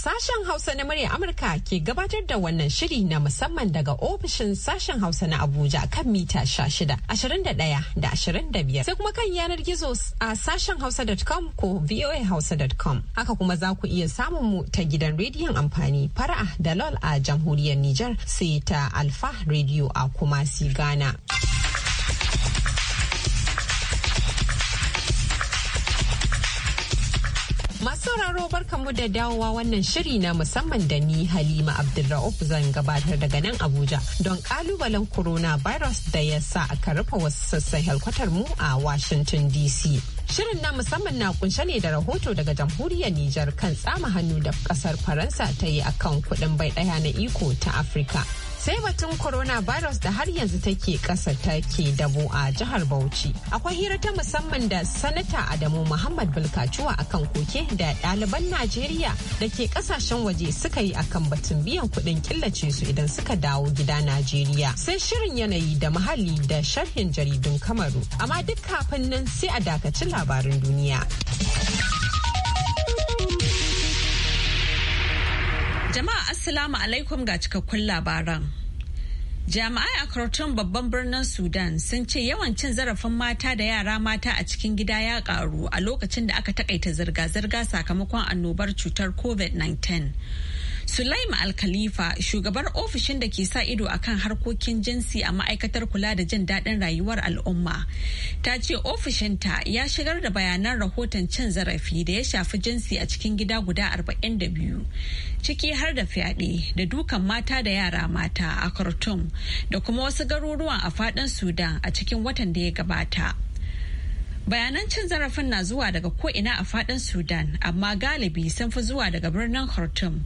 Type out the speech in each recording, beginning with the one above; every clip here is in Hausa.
Sashen Hausa na murya Amurka ke gabatar da wannan shiri na musamman daga ofishin sashen Hausa na Abuja kan mita shida ashirin da da biyar sai kuma kan yanar gizo a sashen hausa.com ko voahausa.com. Haka kuma za ku iya samun mu ta gidan rediyon amfani fara'a da lol a jamhuriyar Nijar sai ta Alfa Radio a Kumasi Ghana. Masu sauraro barkanmu da dawowa wannan shiri na musamman da ni Halima Abdulra'uf zan gabatar daga nan Abuja don kalubalen Virus da ya sa aka rufe wasu sassan helkwatar mu a Washington DC. Shirin na musamman na kunshe ne da rahoto daga jamhuriyar Nijar kan tsama hannu da kasar Faransa ta yi akan kuɗin bai ɗaya na iko ta Afirka. sai batun corona virus da har yanzu take kasa take dabo a jihar bauchi akwai hira ta musamman da sanata adamu muhammad bulkacuwa akan koke da ɗaliban najeriya da ke kasashen waje suka yi akan batun biyan kuɗin killace su idan suka dawo gida najeriya sai shirin yanayi da muhalli da sharhin jaridun kamaru amma duk kafin nan sai a dakaci labarin duniya jama'a Assalamu alaikum ga cikakkun labaran. Jami'ai a Khartoum babban birnin Sudan sun ce yawan cin zarafin mata da yara mata a cikin gida ya karu a lokacin da aka takaita zirga-zirga sakamakon annobar cutar COVID-19. Sulaima Alkhalifa shugabar ofishin da ke sa ido akan harkokin jinsi a ma'aikatar kula da jin daɗin rayuwar al'umma. Ta ce ofishinta ya shigar da bayanan rahoton cin zarafi da ya shafi jinsi a cikin gida guda 42 ciki har da fyaɗe da dukan mata da yara mata a Khartoum da kuma wasu garuruwan a faɗin Sudan a cikin watan da ya gabata. bayanan cin zarafin na zuwa daga ko'ina a fadin sudan amma galibi sun fi zuwa daga birnin khartoum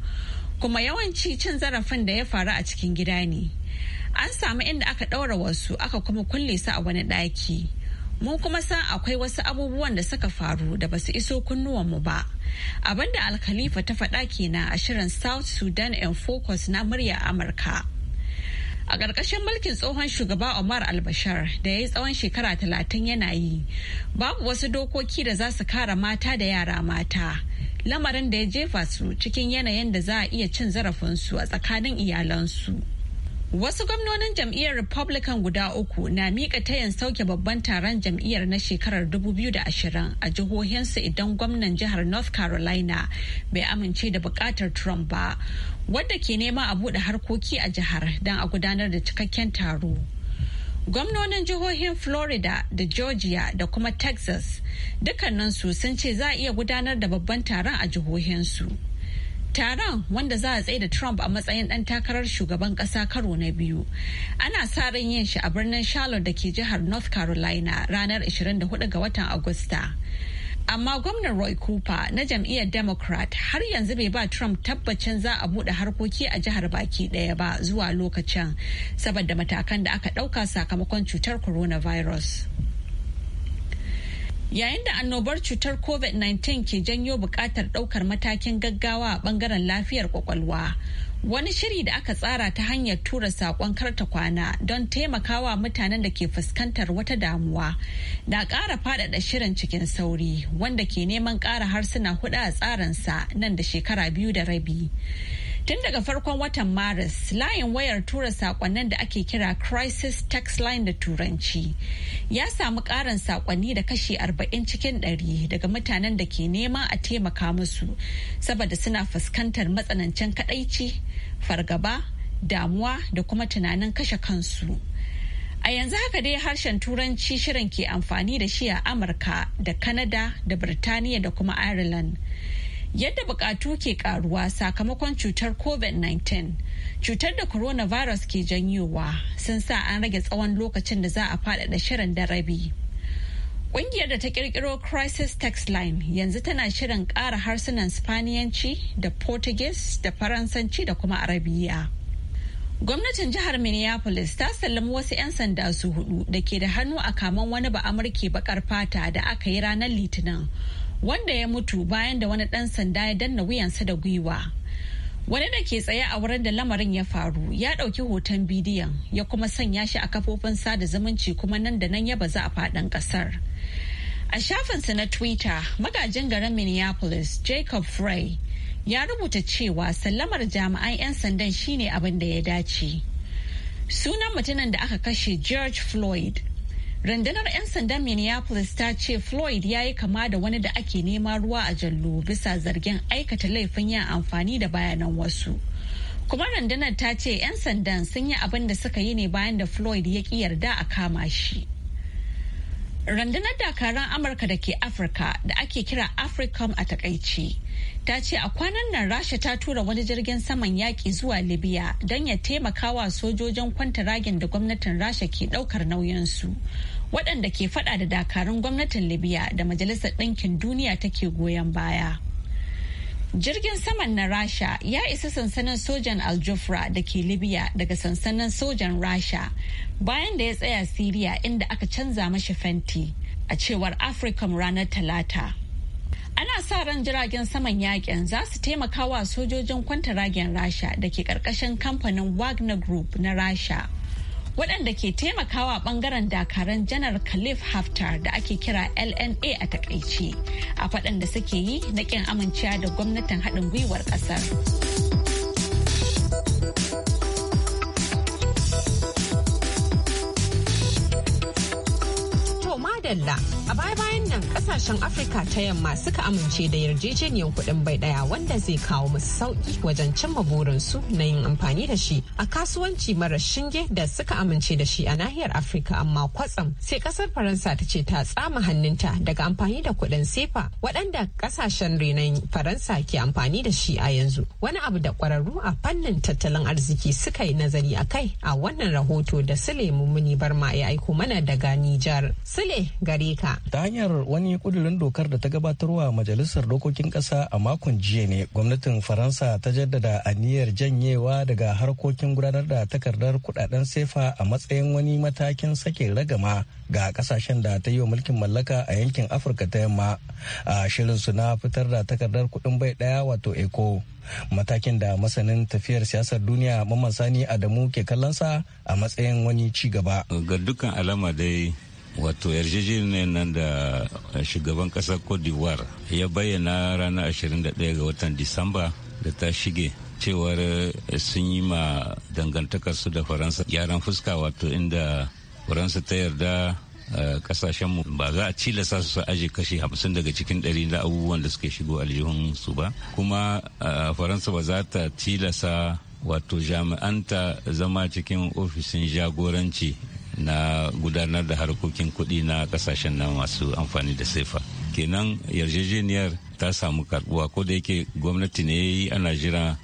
kuma yawanci cin zarafin da ya faru a cikin gida ne an samu inda aka ɗaura wasu aka kuma kulle su a wani ɗaki mun kuma san akwai wasu abubuwan da suka faru da basu iso kunnuwan mu ba abinda alkhalifa ta faɗa kenan a shirin south sudan and focus na murya amurka a ƙarƙashin mulkin tsohon shugaba omar albashar da ya yi tsawon shekara talatin yana yi babu wasu dokoki da za su kare mata da yara mata lamarin da ya jefa su cikin yanayin da za a iya cin zarafinsu a tsakanin iyalansu. Wasu gwamnonin jam'iyyar Republican guda uku na miƙa tayan sauke babban taron jam'iyyar na shekarar 2020 a jihohinsu idan gwamnan jihar North Carolina bai amince da bukatar Trump ba, wadda ke nema a buɗe harkoki a jihar don a gudanar da cikakken taro. Gwamnonin jihohin Florida da Georgia da kuma Texas dukkaninsu sun ce za a iya gudanar da babban taron a jihohinsu. Taron wanda za a tsaye da Trump a matsayin ɗan takarar shugaban ƙasa karo na biyu. Ana sa ran yin shi a birnin Charlotte da ke jihar North Carolina ranar 24 ga watan Agusta. Amma gwamnan Roy Cooper na jam'iyyar Democrat har yanzu bai ba Trump tabbacin za a buɗe harkoki a jihar baki ɗaya ba zuwa lokacin saboda matakan da aka ɗauka sakamakon cutar coronavirus. Yayin da annobar cutar COVID-19 ke janyo bukatar ɗaukar matakin gaggawa a ɓangaren lafiyar kwakwalwa. Wani shiri da aka tsara ta hanyar tura saƙon karta kwana don taimakawa mutanen da ke fuskantar wata damuwa na ƙara faɗaɗa shirin cikin sauri wanda ke neman ƙara harsuna hudu a tsarinsa nan da shekara biyu da rabi. Tun daga farkon watan Maris, layin wayar tura sakonnin da ake kira Crisis Text Line da Turanci ya samu ƙarin sakonni da kashi 40 cikin 100 daga mutanen da ke nema a taimaka musu saboda suna fuskantar matsanancin kadaici, fargaba, damuwa da kuma tunanin kashe kansu. A yanzu haka dai harshen Turanci shirin ke amfani da shi a Amurka da Kanada da Birtaniya da kuma Ireland. yadda bukatu ke karuwa sakamakon cutar covid-19 cutar da coronavirus ke janyowa sun sa an rage tsawon lokacin da za a faɗaɗa shirin da rabi Ƙungiyar da ta ƙirƙiro Crisis Text Line yanzu tana shirin ƙara harsunan Spaniyanci da Portuguese da Faransanci da kuma Arabiya. Gwamnatin jihar Minneapolis ta sallami wasu 'yan sanda su hudu da ke da hannu a kaman wani Amurke baƙar fata da aka yi ranar Litinin wanda ya mutu bayan da wani ɗan sanda ya danna wuyansa da gwiwa. Wani da ke tsaye a wurin da lamarin ya faru ya ɗauki hoton bidiyon ya kuma sanya shi a kafofin sada zumunci kuma nan da nan ya bazu a faɗin ƙasar. A shafinsa na Twitter, magajin garin Minneapolis, Jacob Frey, ya rubuta cewa sallamar jami'an 'yan sandan shine abin da ya dace. Sunan mutumin da aka kashe George Floyd Rundunar 'yan sandan Minneapolis ta ce Floyd ya yi kama da wani da ake nema ruwa a jallo bisa zargin aikata laifin yin amfani da bayanan wasu. Kuma rundunar ta ce 'yan sandan sun yi abin da suka yi ne bayan da Floyd ya ki yarda a kama shi. Rundunar dakaran Amurka da ke Afirka da ake kira AFRICOM a takaici. ta ce a kwanan nan rasha ta tura wani jirgin saman yaƙi zuwa libya don ya taimaka wa sojojin ragin da gwamnatin rasha ke ɗaukar nauyinsu waɗanda ke faɗa da dakarun gwamnatin libya da majalisar ɗinkin duniya take goyon baya jirgin saman na rasha ya isa sansanin sojan aljufra da ke libya daga sansanin sojan rasha bayan da ya tsaya siriya inda aka canza mashi fenti a cewar africom ranar talata ana sa ran jiragen saman yakin za su taimaka wa sojojin kwantaragen rasha da ke karkashin kamfanin wagner group na rasha waɗanda ke taimakawa ɓangaren dakaran janar khalif haftar da ake kira lna a takaice a faɗan da suke yi na ƙin amincewa da gwamnatin haɗin gwiwar ƙasar To madalla A baya-bayan nan kasashen Afirka ta yamma suka amince da yarjejeniyar kuɗin bai ɗaya wanda zai kawo musu sauƙi wajen cimma burinsu na yin amfani da shi a kasuwanci mara shinge da suka amince da shi a nahiyar Afirka amma kwatsam sai kasar Faransa ta ce ta tsama hannunta daga amfani da kuɗin sefa waɗanda kasashen renon Faransa ke amfani da shi a yanzu. Wani abu da ƙwararru a fannin tattalin arziki suka yi nazari a kai a wannan rahoto da Sule Mummuni Barma ya aiko mana daga Nijar. Sule gare ka. Ta hanyar wani kudurin dokar da ta gabatarwa Majalisar Dokokin Ƙasa a makon jiya ne gwamnatin Faransa ta jaddada aniyar janyewa daga harkokin gudanar da takardar kudaden sefa a matsayin wani matakin sake ragama ga kasashen da ta yi wa mulkin mallaka a yankin Afirka ta yamma a shirin su na fitar da takardar kuɗin bai ɗaya wato eco. matakin da masanin tafiyar siyasar duniya mamman sani adamu ke kallonsa a matsayin wani ci gaba. ga dukkan alama dai wato yarjejeniyar nan da shugaban kasar cote d'ivoire ya bayyana ranar 21 ga watan disamba da ta shige cewar sun yi ma dangantakarsu da faransa gyaran fuska wato inda faransa ta yarda kasashen eh, mu. ba za a cilasa su aje kashi hamsin daga cikin ɗari na abubuwan da suke shigo aljihun su ba kuma eh, faransa ba za ta tilasa wato jami'anta zama cikin ofishin jagoranci na gudanar da harkokin kuɗi na kasashen nan masu amfani da sefa kenan yarjejeniyar ta samu karbuwa ko da yake gwamnati ne yi ana jira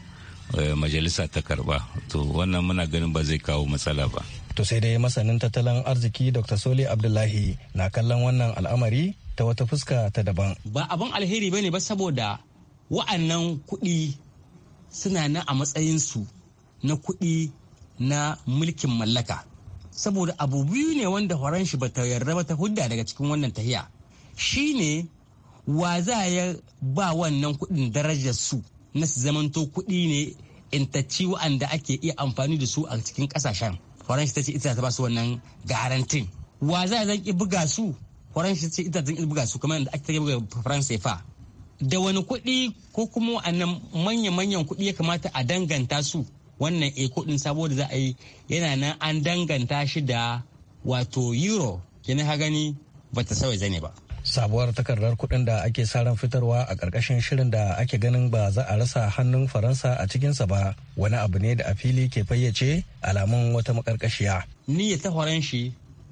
eh, majalisa ta karba to wannan muna ganin ba zai kawo matsala ba to sai dai masanin tattalin arziki dr sole abdullahi na kallon wannan al'amari ta wata fuska ta daban ba abin alheri ba ne ba saboda wa'annan kuɗi suna na a matsayin su na kuɗi na mulkin mallaka saboda abu biyu ne wanda horon shi bata yarda ba ta hudda daga cikin wannan tahiya shine wa za ya ba wannan kuɗin darajar su na su zamanto kuɗi ne intacci wa'anda ake iya amfani da su a cikin kasashen. horon shi ta ce ita ta ba su wannan garantin wa za ya zanki buga su horon shi ta ce ita ta buga su kamar yadda ake buga faransa fa da wani kuɗi ko kuma wa'annan manya-manyan kuɗi ya kamata a danganta su wannan e din saboda za a yi yana nan an danganta shi da wato euro kenan ha gani ba ta sauya zane ba sabuwar takardar kudin da ake sa fitarwa a ƙarƙashin shirin da ake ganin ba za a rasa hannun faransa a cikinsa ba wani abu ne da a fili ke fayyace alamun wata makarkashiya niyya ta horon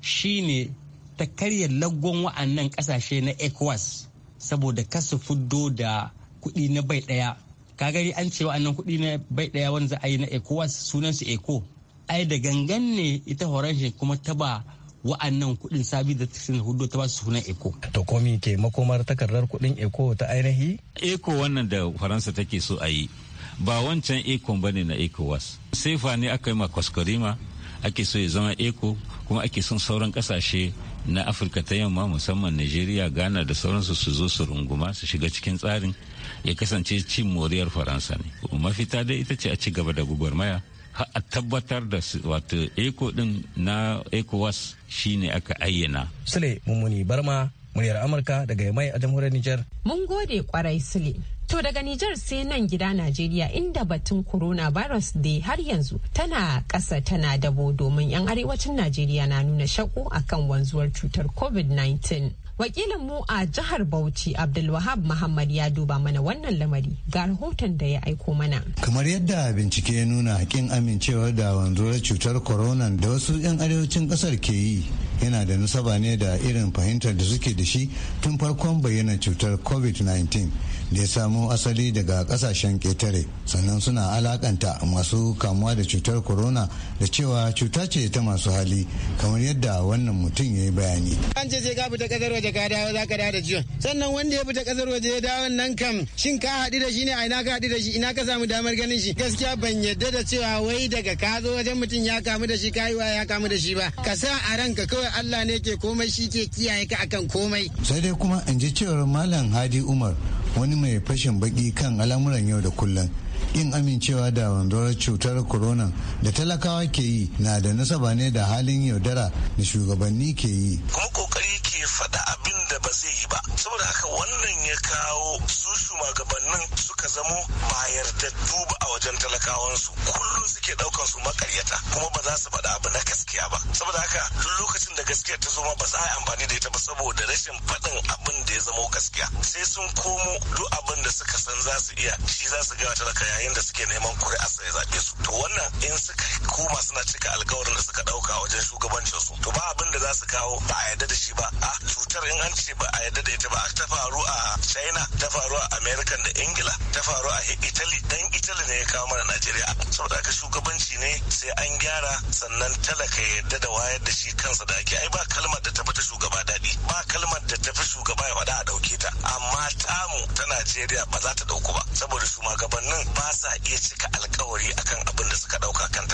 shi ne ta karya laggon wa'annan ƙasashe na ecowas saboda kasu fuddo da kuɗi na bai ɗaya kaga an ce annan kuɗi na bai ɗaya wanda za a yi na ecowas sunan su eco ai da gangan ne ita horanshi kuma ta ba wa'annan kuɗin sabi da hudu ta ba su sunan eco. To komi ke makomar takardar kuɗin eco ta ainihi? Eco wannan da Faransa take so a yi ba wancan econ bane na ecowas. Sefa ne aka yi ma kwaskwarima ake so ya zama Eko kuma ake son sauran kasashe na afirka ta yamma musamman nigeria ghana da sauransu su zo su runguma su shiga cikin tsarin ya kasance cin moriyar faransa ne mafita dai ita ce a ci gaba da gwagwarmaya a tabbatar da wato Eko din na ecowas shine aka ayyana sule mummuni barma muryar amurka daga mai a jamhuriyar niger mun gode kwarai sule To daga Nijar sai nan gida Najeriya inda batun coronavirus dai har yanzu tana ƙasa tana dabo domin 'yan arewacin Najeriya na nuna shakku akan wanzuwar cutar COVID-19. Wakilin mu a jihar Bauchi Abdulwahab Muhammad ya duba mana wannan lamari ga rahoton da ya aiko mana. Kamar yadda bincike ya nuna hakin amincewa da wanzuwar cutar corona da wasu 'yan arewacin ƙasar ke yi yana da nasaba ne da irin fahimtar da suke da shi tun farkon bayyana cutar COVID-19. da ya samo asali daga kasashen ketare sannan suna alakanta masu kamuwa da cutar corona da cewa cuta ce ta masu hali kamar yadda wannan mutum ya yi bayani. An ce sai ka fita kasar waje ka dawo za ka dawo da ciwon sannan wanda ya fita kasar waje ya dawo nan kam shin ka haɗu da shi ne a ina ka haɗu da shi ina ka samu damar ganin shi gaskiya ban yadda da cewa wai daga ka zo wajen mutum ya kamu da shi kayi ya kamu da shi ba ka sa a ranka kawai Allah ne ke komai shi ke kiyaye ka akan komai. Sai dai kuma in ji cewar Malam Hadi Umar wani mai fashin baki kan al'amuran yau da kullum in amincewa da wanzuwar cutar corona da talakawa ke yi na da nasaba ne da halin yaudara da shugabanni ke yi kuma kokari ke faɗa abin da ba zai yi ba saboda haka wannan ya kawo su shugabanni zamo ba da duba a wajen talakawansu kullum suke daukan su makaryata kuma ba za su faɗa abu na gaskiya ba saboda haka duk lokacin da gaskiya ta zo ma ba za a yi amfani da ita ba saboda rashin faɗin abin da ya zamo gaskiya sai sun komo duk abin da suka san za su iya shi za su gaya talaka yayin da suke neman kuri'a sai zaɓe su to wannan in suka koma suna cika alkawarin da suka ɗauka wajen shugabancin su to ba abin da za su kawo ba a yarda da shi ba a cutar in an ce ba a yarda da ita ba ta faru a china ta faru a america da ingila ta faru a italy dan italy ne ya kawo mana najeriya saboda haka shugabanci ne sai an gyara sannan talaka yadda da wayar da shi kansa da ake ai ba kalmar da tafi ta shugaba daɗi ba kalmar da tafi shugaba ya faɗa a ɗauke ta amma tamu ta najeriya ba za ta ɗauku ba saboda shugabannin ba sa iya cika alkawari akan abin da suka ɗauka kan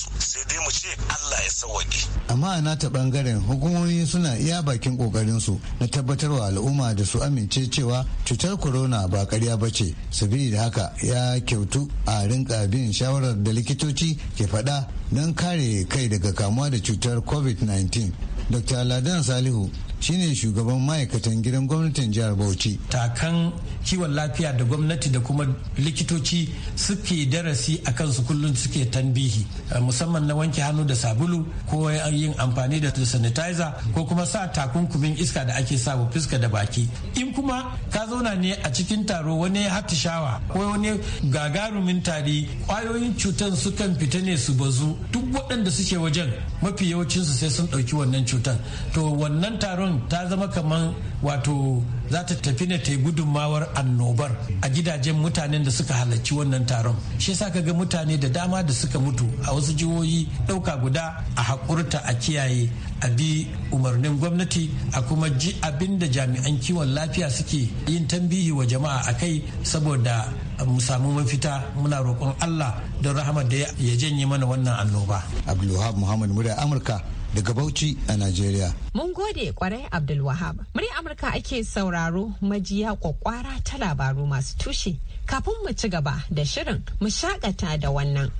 su sai dai mu ce allah ya sawwaƙe amma a nata bangaren hukumomi suna iya bakin kokarin su na tabbatarwa al'umma da su amince cewa cutar corona ba karya ba ce su sabili da haka ya kyautu a rinka bin shawarar da likitoci ke faɗa don kare kai daga kamuwa da cutar covid-19 dr ladan salihu shine shugaban ma'aikatan gidan gwamnatin jihar bauchi takan kiwon lafiya da gwamnati da kuma likitoci suke darasi a kansu kullum suke tanbihi eh, musamman na wanke hannu da sabulu ko yin amfani da sanitizer ko kuma sa takunkumin iska da ake sa wa fuska da baki in kuma ka zauna ne a cikin taro wani hatishawa ko wani gagarumin tari kwayoyin cutan sukan fita ne su bazu duk waɗanda suke wajen mafi yawancinsu sai sun ɗauki wannan cutan to wannan taron ta zama kamar wato za ta tafi ne ta yi gudunmawar annobar a gidajen mutanen da suka halarci wannan taron shi sa ga mutane da dama da suka mutu a wasu jihohi ɗauka guda a haƙurta a kiyaye a bi umarnin gwamnati a kuma ji abin da jami'an kiwon lafiya suke yin tambihi wa jama'a a kai saboda mu samu mafita muna roƙon allah don rahama da ya janye mana wannan annoba abdulwahab muhammad murya amurka daga Bauchi a Najeriya. Mun gode kwarai Abdulwahab. Muri Amurka ake sauraro majiya kwakwara ta labaru masu tushe. Kafin mu ci gaba da shirin mu shakata da wannan.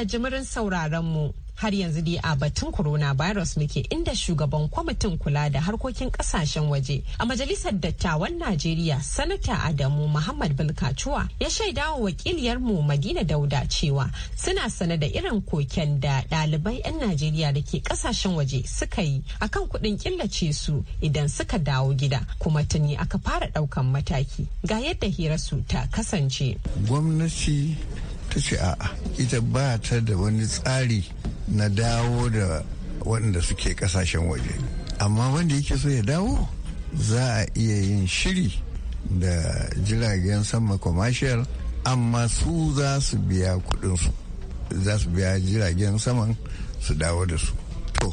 kuna jimirin sauraron mu. Har yanzu dai a batun corona virus muke inda shugaban kwamitin kula da harkokin kasashen waje a majalisar dattawan Najeriya sanata Adamu Muhammad Bilkacuwa ya shaida wa wakiliyarmu Madina Dauda cewa suna sane da irin koken da ɗalibai 'yan Najeriya da ke kasashen waje suka yi akan kuɗin killace su idan suka dawo gida kuma tuni aka fara ɗaukan mataki ga yadda hirarsu ta kasance. Gwamnati ta ce a'a ita ba ta da wani tsari na dawo da waɗanda suke ƙasashen waje amma wanda yake so ya dawo za a iya yin shiri da jiragen sama commercial amma su za su biya kuɗinsu za su biya jiragen saman su dawo da su to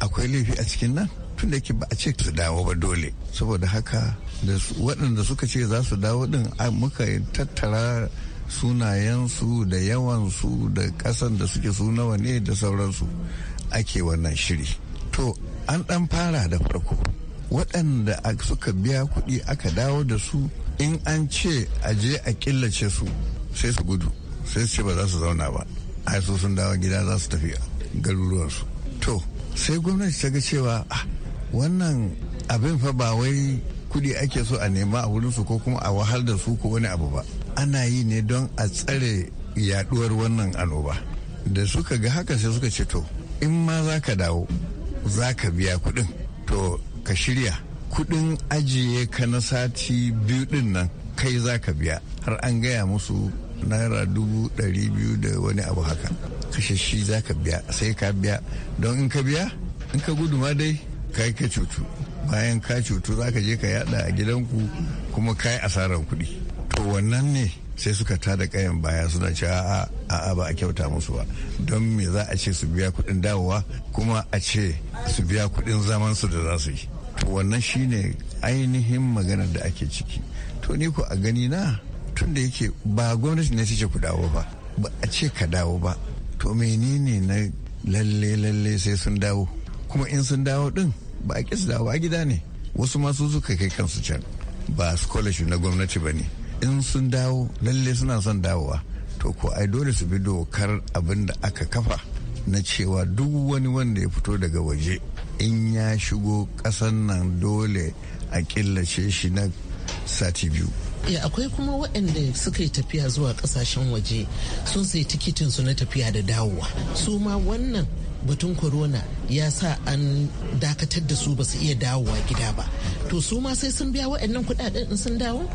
akwai laifi a cikin nan tun da ke ba a ce su dawo ba dole saboda haka waɗanda suka ce za su dawo din muka tattara sunayensu da yawansu da kasan da suke sunawa ne da sauransu ake wannan shiri to an dan fara da farko waɗanda suka biya kuɗi aka dawo da su in an ce a je a killace su sai su gudu sai su ce ba za su zauna ba a su sun dawo gida za su tafi garuruwarsu to sai gwamnati ta ga cewa ah, wannan abin fa ba wai kuɗi ake so a nema a wurinsu ko kuma a wahal da su ko wani abu ba ana yi ne don a tsare yaduwar wannan annoba da suka ga haka sai suka ce to in ma za ka dawo za ka biya kuɗin to ka shirya kuɗin ajiye ka na sati biyu din nan kai za ka biya har an gaya musu naira dubu ɗari biyu da wani abu haka kashe shi za ka biya sai ka biya don in ka biya in ka gudu ma dai kai ka cutu bayan ka cutu za ka je ka yada a gidanku kuma kai asarar kuɗi to wannan ne sai suka tada kayan baya suna cewa a ba a kyauta musu ba don me za a ce su biya kuɗin dawowa kuma a ce su biya kuɗin zaman su da za su yi to wannan shine ainihin magana da ake ciki to ni ko a gani na tun da yake ba gwamnati ne ce ku dawo ba ba a ce ka dawo ba to menene na lalle lalle sai sun dawo kuma in sun dawo din ba a kisa dawo a gida ne wasu masu suka kai kansu can ba scholarship na gwamnati ba ne in sun dawo lalle suna son dawowa to ko ai dole su bi dokar abin da aka kafa na cewa duk wani wanda ya fito daga waje in ya shigo kasan nan dole a killace shi na sati biyu ya akwai kuma waɗanda suka yi tafiya zuwa kasashen waje sun sai tikitin su na tafiya da dawowa su ma wannan batun corona ya sa an dakatar da su ba su iya dawowa gida ba to su ma sai sun biya waɗannan kuɗaɗen in sun dawo?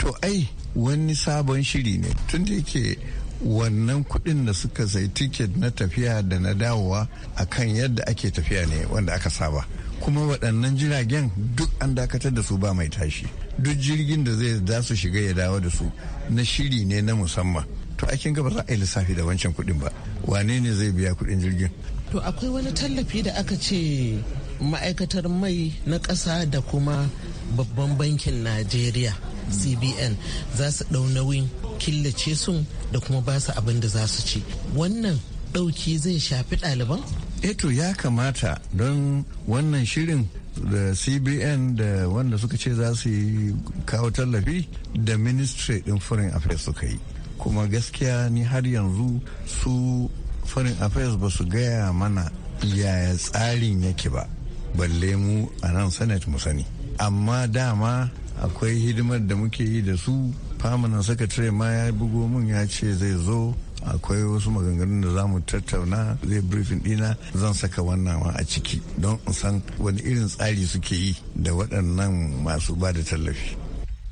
to ai wani sabon shiri ne tun da yake wannan kuɗin da suka sai tiket na tafiya da na dawowa a kan yadda ake tafiya ne wanda aka saba kuma waɗannan jiragen duk an dakatar da su ba mai tashi duk jirgin da zai da su shiga ya dawo da su na shiri ne na musamman to aikin gaba za a yi lissafi da wancan kuɗin ba wane ne zai biya kuɗin jirgin to akwai wani tallafi da aka ce ma'aikatar mai na ƙasa da kuma babban bankin najeriya cbn za su ɗau nauyin killace sun da kuma ba su abin da za su ci wannan ɗauki zai shafi ɗaliban? eto eh ya kamata don wannan shirin da cbn da wanda suka ce za su yi kawo tallafi da ministry ɗin foreign affairs suka yi kuma gaskiya ni har yanzu su foreign affairs ba su gaya mana yaya tsarin yake ba balle mu a nan senate mu sani amma dama akwai hidimar da muke yi da su famanan sakatare ma ya bugo mun ya ce zai zo akwai wasu maganganun da za mu tattauna zai briefing dina zan saka wannan ma a ciki don in san wani irin tsari suke yi da waɗannan masu ba da tallafi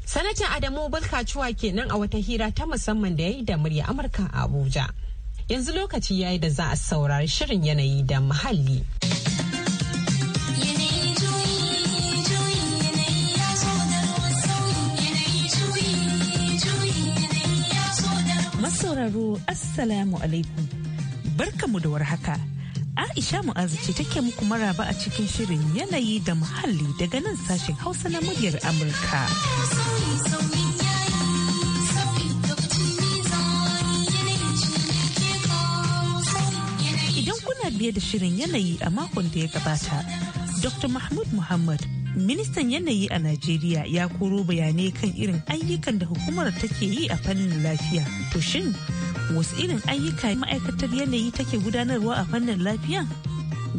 sanatin adamu cuwa kenan a wata hira ta musamman da ya yi da murya amurka a abuja yanzu lokaci yayi da za a saurari shirin yanayi da muhalli. sauraro Assalamu alaikum. Barkamu da warhaka. Aisha Mu'azu ce take muku maraba a cikin shirin yanayi da muhalli daga nan sashen Hausa na muryar Amurka. Idan kuna biye da shirin yanayi a makon da ya gabata. Dr. Mahmud Muhammad, ministan yanayi a Najeriya ya koro bayanai kan irin ayyukan da hukumar take yi a fannin lafiya. To shin wasu irin ayyuka ma'aikatar yanayi take gudanarwa a fannin lafiya?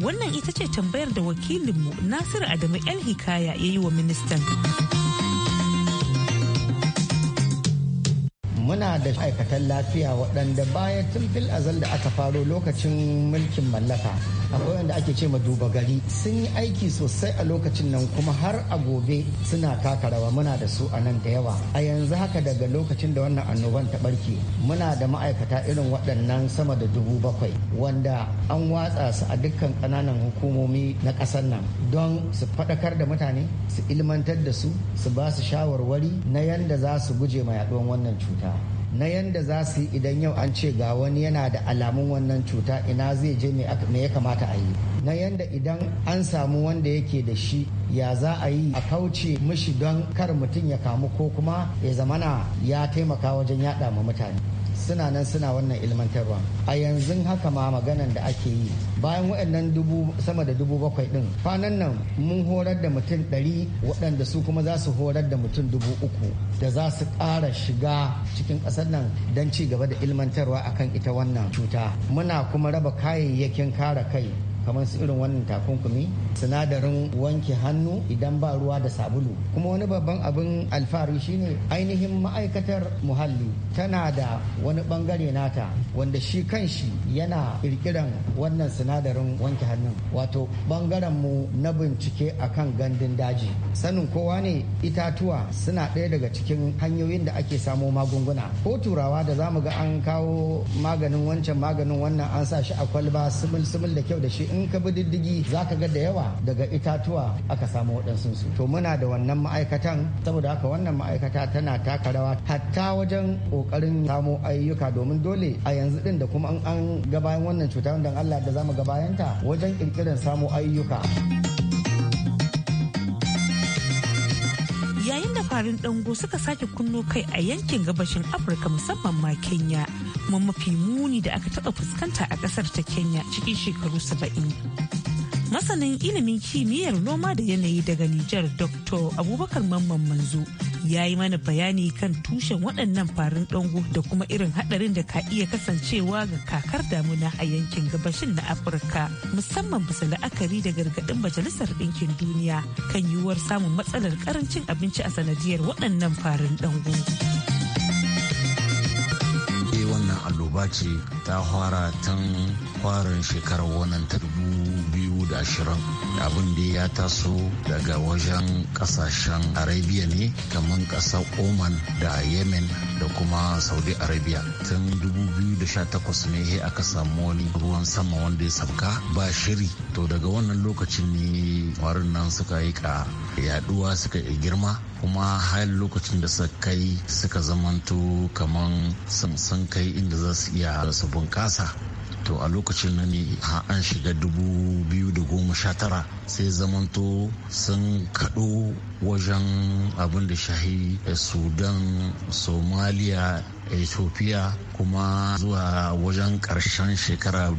Wannan ita ce tambayar da wakilinmu Nasiru Adamu El Hikaya ya yi wa ministan. muna da aikatan lafiya waɗanda bayan tun fil azal da aka faro lokacin mulkin mallaka akwai wanda ake ce duba gari sun yi aiki sosai a lokacin nan kuma har a gobe suna taka rawa muna da su a nan da yawa a yanzu haka daga lokacin da wannan annoban ta barke muna da ma'aikata irin waɗannan sama da dubu bakwai wanda an watsa su a dukkan ƙananan hukumomi na ƙasar nan don su faɗakar da mutane su ilmantar da su su ba su shawarwari na yadda za su guje ma yaɗuwan wannan cuta na yadda za su yi idan yau an ce ga wani yana da alamun wannan cuta ina zai je me ya kamata a yi na yadda idan an samu wanda yake da shi ya za a yi a kauce mishi don kar mutum ya kamu ko kuma ya zamana ya taimaka wajen yada ma mutane suna nan suna wannan ilmantarwa a yanzu haka ma maganan da ake yi bayan waɗannan dubu sama da dubu bakwai ɗin kwanan nan mun horar da mutum ɗari waɗanda su kuma za su horar da mutum dubu uku da za su ƙara shiga cikin ƙasar nan don ci gaba da ilmantarwa akan ita wannan cuta muna kuma raba kayayyakin kare kai kamar su irin wannan takunkumi sinadarin wanke hannu idan ba ruwa da sabulu kuma wani babban abin alfahari shine ainihin ma'aikatar muhalli tana da wani bangare nata wanda shi kanshi yana kirkiran wannan sinadarin wanke hannun wato bangaren mu na bincike akan gandun daji sanin kowa ne itatuwa suna ɗaya daga cikin hanyoyin da ake samo magunguna ko turawa da zamu ga an kawo maganin wancan maganin wannan an sa shi a kwalba simil simil da kyau da shi in ka bi diddigi za ka ga da yawa daga itatuwa aka samu waɗansu su to muna da wannan ma'aikatan saboda haka wannan ma'aikata tana taka rawa hatta wajen ƙoƙarin samo ayyuka domin dole a yanzu din da kuma an ga bayan wannan cuta wanda Allah da zamu gabayanta wajen ƙirƙirar samo ayyuka. farin dango suka sake kunno kai a yankin gabashin afirka musamman ma kenya kuma mafi muni da aka taɓa fuskanta a ƙasar ta kenya cikin shekaru saba'in masanin ilimin kimiyyar noma da yanayi daga Nijar Dr. Abubakar Mamman Manzo ya yi mana bayani kan tushen waɗannan farin ɗango da kuma irin haɗarin da ka iya kasancewa ga kakar damuna a yankin gabashin na Afirka musamman bisa la'akari da gargaɗin Majalisar Ɗinkin Duniya kan yiwuwar samun matsalar ƙarancin abinci a sanadiyar waɗannan farin ɗango. Eh, wannan alloba ce ta fara tun kwarin shekarar wannan ta da abin da ya taso daga wajen kasashen arabia ne kamar kasar oman da yemen da kuma saudi arabia tun 2018 ne aka samu wani ruwan sama wanda ya sabka ba shiri to daga wannan lokacin ne warin nan suka yi ka yaduwa suka yi girma kuma har lokacin da suka kai suka zamanto kamar sun kai inda za su iya su bunkasa to a lokacin nan ne an shiga dubu biyu da goma sha tara sai zamanto sun kaɗo wajen abin da shahi eh, sudan somaliya ethiopia kuma zuwa wajen ƙarshen shekara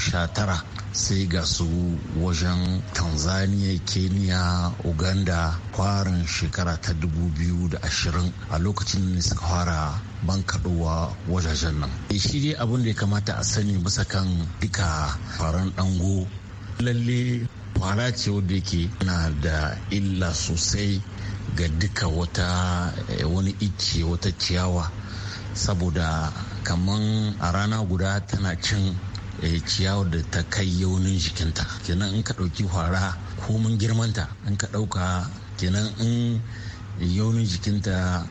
sha tara sai ga su wajen tanzania kenya uganda kwarin shekara ta da ashirin a lokacin ne suka fara Ban bankaɗowa wajajen nan eh, shi dai abin da ya kamata a sani bisa kan duka faran dango lalle fara ce wadda yake na da illa sosai ga duka wata eh, wani icce wata ciyawa saboda kaman a rana guda tana cin eh, ciyawar da ta kai yaunin jikinta kenan in ka ɗauki fara komin girmanta in ka ɗauka kenan in yaunin jikinta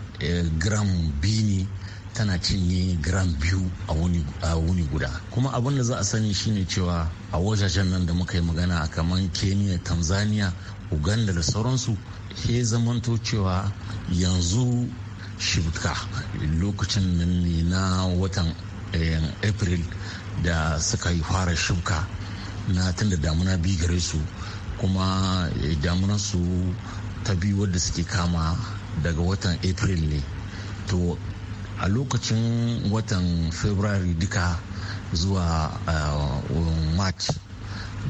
gram biyu ne tana cinye gram biyu a wuni guda kuma abin da za a sani shine cewa a wajajen nan da muka yi magana a kaman kenya tanzania uganda da sauransu he zamanto cewa yanzu shibka lokacin nan ne na watan eh, april da suka yi fara shibka na tunda damuna biyu gare su kuma eh, damunansu ta biyu wadda suke kama daga watan april ne to a lokacin watan february duka zuwa eh, march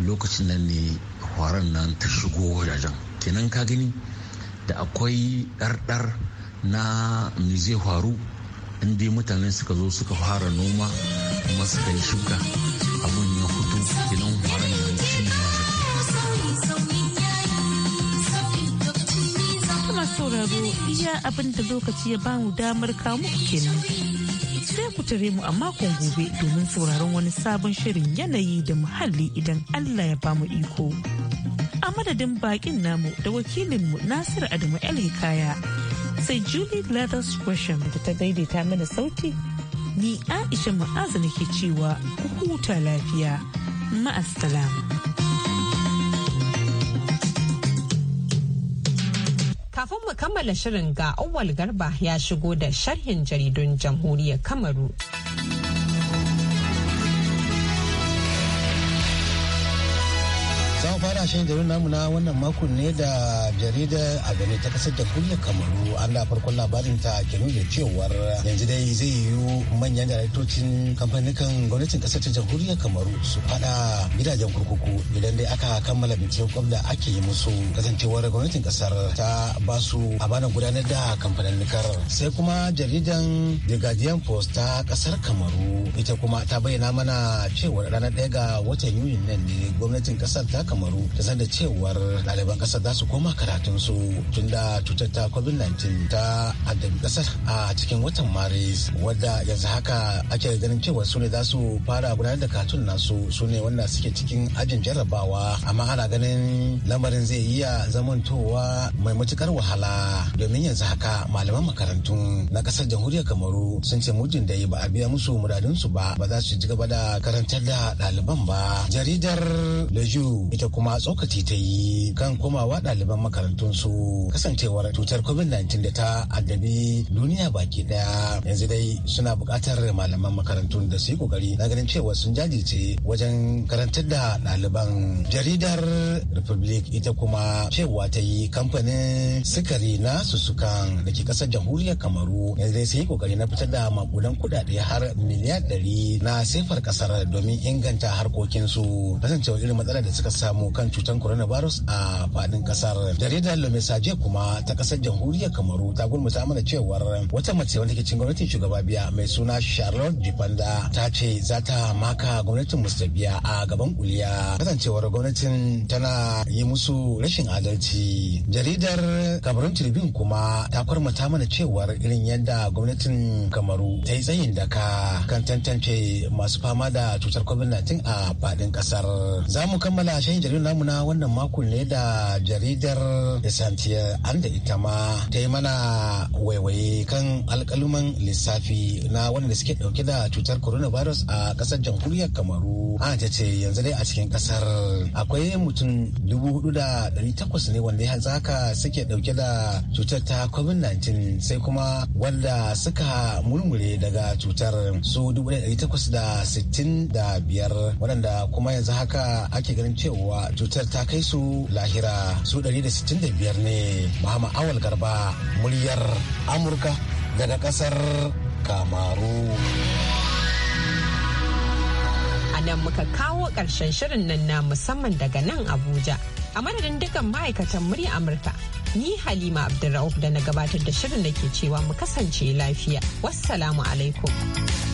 lokacin nan ne horon nan ta shigo wajajen kenan ka gani da akwai ɗarɗar na me zai faru inda mutane suka zo suka fara noma kuma suka yi shuka abin ya fito kenan sauraro iya abin da lokaci ya bamu damar kamu kenan. Sai ku tare mu a makon gobe domin sauraron wani sabon shirin yanayi da muhalli idan Allah ya bamu iko. A madadin bakin namu da wakilin mu Nasiru Adamu kaya sai Julie Leathers question da ta daidaita mana sauti. Ni Aisha Ma'azu ke cewa ku huta lafiya. Ma'assalam. Kafin mu kammala shirin ga Auwal Garba ya shigo da sharhin jaridun jamhuriyar Kamaru. sashen jaridar namu na wannan makon ne da jaridar abin ta kasar da kulle kamaru an da farkon labarin ta ke nuna cewar yanzu dai zai yiwu manyan daraktocin kamfanikan gwamnatin kasar ta jamhuriyar kamaru su fada gidajen kurkuku idan dai aka kammala binciken kwam da ake yi musu kasancewar gwamnatin kasar ta ba su amana gudanar da kamfaninnikar sai kuma jaridan the guardian post ta kasar kamaru ita kuma ta bayyana mana cewar ranar ɗaya ga watan yuni nan ne gwamnatin kasar ta kamaru ta sanda cewar ɗaliban ƙasar za su koma karatunsu tun da cutar ta covid-19 ta addabi ƙasar a cikin watan maris wadda yanzu haka ake ganin cewar su ne za su fara gudanar da katun nasu su ne wanda suke cikin ajin jarrabawa amma ana ganin lamarin zai iya zamantowa mai matukar wahala domin yanzu haka malaman makarantu na ƙasar jamhuriyar kamaru sun ce mujin da ba a biya musu su ba ba za su ci gaba da karantar da ɗaliban ba jaridar leju ita kuma tsokaci ta yi kan komawa ɗaliban makarantun su kasancewar cutar covid-19 da ta addabi duniya baki daya yanzu dai suna buƙatar malaman makarantun da su yi ƙoƙari na ganin cewa sun jajirce wajen karantar da ɗaliban jaridar republic ita kuma cewa ta yi kamfanin sukari na susukan da ke ƙasar jamhuriyar kamaru yanzu dai yi ƙoƙari na fitar da makudan kuɗaɗe har miliyan ɗari na sifar ƙasar domin inganta harkokinsu kasancewar irin matsalar da suka samu kan cutar cutar coronavirus a faɗin ƙasar. Jaridar Le Message kuma ta ƙasar jamhuriyar Kamaru ta ta mana cewar wata mace wanda ke cin gwamnatin shugaba biya mai suna Charlotte Jipanda ta ce za ta maka gwamnatin biya a gaban kuliya kasancewar gwamnatin tana yi musu rashin adalci. Jaridar Kamarun Tribune kuma ta kwarmata mana cewar irin yadda gwamnatin Kamaru ta yi tsayin daka kan tantance masu fama da cutar COVID-19 a faɗin ƙasar. Za mu kammala shayin jaridar namu na wannan makon ne da jaridar Santiya an da ita ma ta yi mana waiwaye kan alkaluman lissafi na wanda suke dauke da cutar coronavirus a kasar jamhuriyar Kamaru. An ta ce yanzu dai a cikin kasar akwai mutum dubu hudu da dari takwas ne wanda yanzu haka suke dauke da cutar ta COVID-19 sai kuma wanda suka murmure daga cutar su dubu da dari takwas da sittin da biyar waɗanda kuma yanzu haka ake ganin cewa cutar cutar ta kai su lahira su 165 ne Muhammad Awal Garba muryar Amurka daga kasar Kamaru. A nan muka kawo ƙarshen shirin nan na musamman daga nan Abuja. A madadin dukkan ma'aikatan murya Amurka, ni Halima Abdulra'uf da na gabatar da shirin da ke cewa mu kasance lafiya. Wassalamu alaikum.